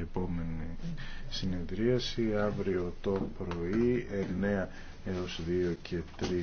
επόμενη συνεδρίαση αύριο το πρωί 9 έως 2 και 3.